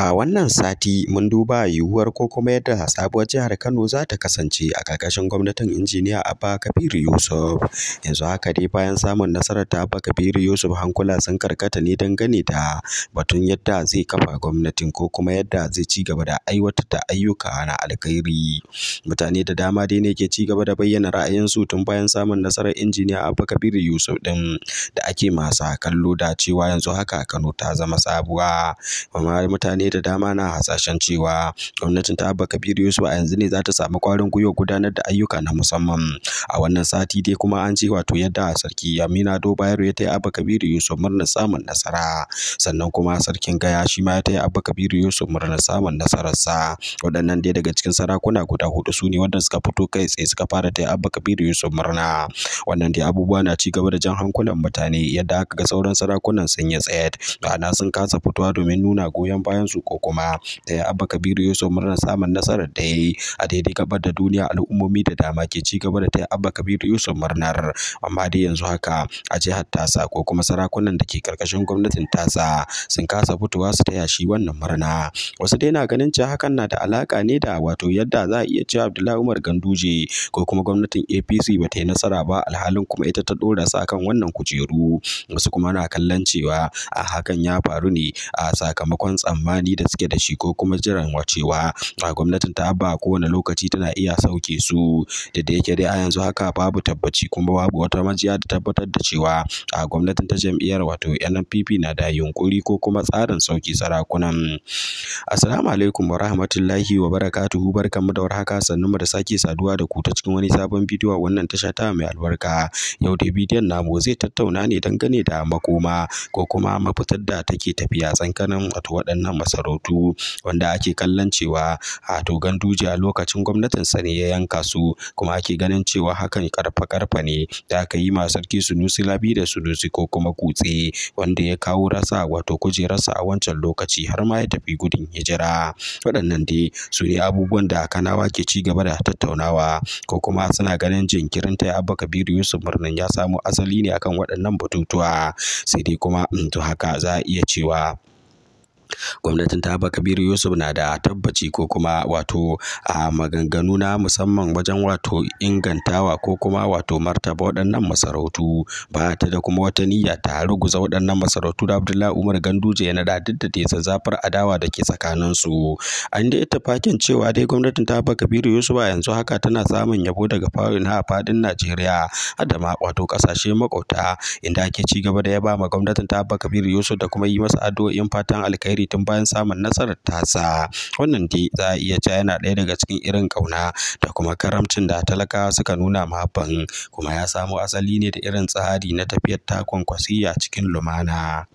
uh, wannan sati mun duba yiwuwar ko kuma yadda sabuwar jihar Kano za ta kasance a ƙarƙashin gwamnatin injiniya Abba Kabir Yusuf. Yanzu haka dai bayan samun nasarar ta Abba Kabir Yusuf hankula sun karkata ne dangane da batun yadda zai kafa gwamnatin ko kuma yadda zai ci gaba da aiwatar da ayyuka na alkhairi. Mutane da dama dai ne ke ci gaba da bayyana ra'ayinsu tun bayan samun nasarar injiniya Abba Kabir Yusuf ɗin da ake masa kallo da cewa yanzu haka Kano ta zama sabuwa. Amma mutane da dama na hasashen cewa gwamnatin ta Abba Kabir Yusuf a yanzu ne za ta samu ƙwarin gwiwa gudanar da ayyuka na musamman. A wannan sati dai kuma an ce wato yadda sarki Amina Do Bayero ya taya Abba Kabir Yusuf murnar samun nasara sannan kuma sarkin Gaya shi ma ya taya Abba Kabir Yusuf murnar samun nasararsa. Waɗannan dai daga cikin sarakuna guda hudu su ne wanda suka fito kai tsaye suka fara taya Abba Kabir Yusuf murna. Wannan dai abubuwa na ci gaba da jan hankulan mutane yadda aka ga sauran sarakunan sun yi tsayar ma'ana sun kasa fitowa domin nuna goyon bayan su ko kuma taya eh, Abba Kabiru Yusuf murnar samun nasarar da ya a daidai gabar da duniya al'ummomi da dama ke ci gaba da taya Abba Kabiru Yusuf murnar amma dai yanzu haka a jihar tasa ko kuma sarakunan da ke karkashin gwamnatin tasa sun kasa fitowa su taya shi wannan murna wasu dai na ganin cewa hakan na da alaka ne da wato yadda za a iya cewa Abdullahi Umar Ganduje ko kuma gwamnatin APC ba ta yi nasara ba alhalin kuma ita ta dora sa kan wannan kujeru wasu kuma na kallon cewa a hakan ya faru ne a sakamakon tsammani da suke da shi ko kuma jiran wacewa a gwamnatin ta abba ko kowane lokaci tana iya sauke su da da yake dai a yanzu haka babu tabbaci kuma babu wata majiya da tabbatar da cewa a gwamnatin ta jam'iyyar wato npp na da yunkuri ko kuma tsarin sauke sarakunan Assalamu alaikum wa rahmatullahi wa barakatuhu barkanmu da warhaka sannunmu da sake saduwa da ku ta cikin wani sabon bidiyo wannan tasha ta mai albarka. Yau dai bidiyon namu zai tattauna ne dangane da makoma ko kuma mafitar da take tafiya tsankanin wato waɗannan masarautu wanda ake kallon cewa a to Ganduje a lokacin gwamnatin sa ne ya yanka su kuma ake ganin cewa hakan karfa karfa ne da aka yi ma sarki Sunusi Labi da Sunusi ko kuma kutse wanda ya kawo rasa wato kujerarsa a wancan lokaci har ma ya tafi gudun hijira waɗannan dai su ne abubuwan da kanawa ke ci gaba da tattaunawa ko kuma suna ganin jinkirin ta abba kabiru yusuf murnan ya samo asali ne akan waɗannan batutuwa sai dai kuma to haka za a iya cewa gwamnatin ta kabiru yusuf na da tabbaci ko kuma wato a maganganu na musamman wajen wato ingantawa ko kuma wato martaba waɗannan masarautu ba ta da kuma wata niyya ta ruguza waɗannan masarautu da abdullahi umar ganduje ya da duk da tesa zafar adawa da ke tsakanin su an ita fakin cewa dai gwamnatin ta ba kabiru yusuf a yanzu haka tana samun yabo daga farin a faɗin najeriya har ma wato ƙasashe makwabta inda ake ci gaba da yaba ma gwamnatin ta ba kabiru yusuf da kuma yi masa addu'o'in fatan alkhairi alheri tun bayan samun nasarar tasa wannan dai za a iya cewa yana ɗaya daga cikin irin ƙauna da kuma karamcin da talakawa suka nuna ma kuma ya samo asali ne da irin tsari na tafiyar takon a cikin lumana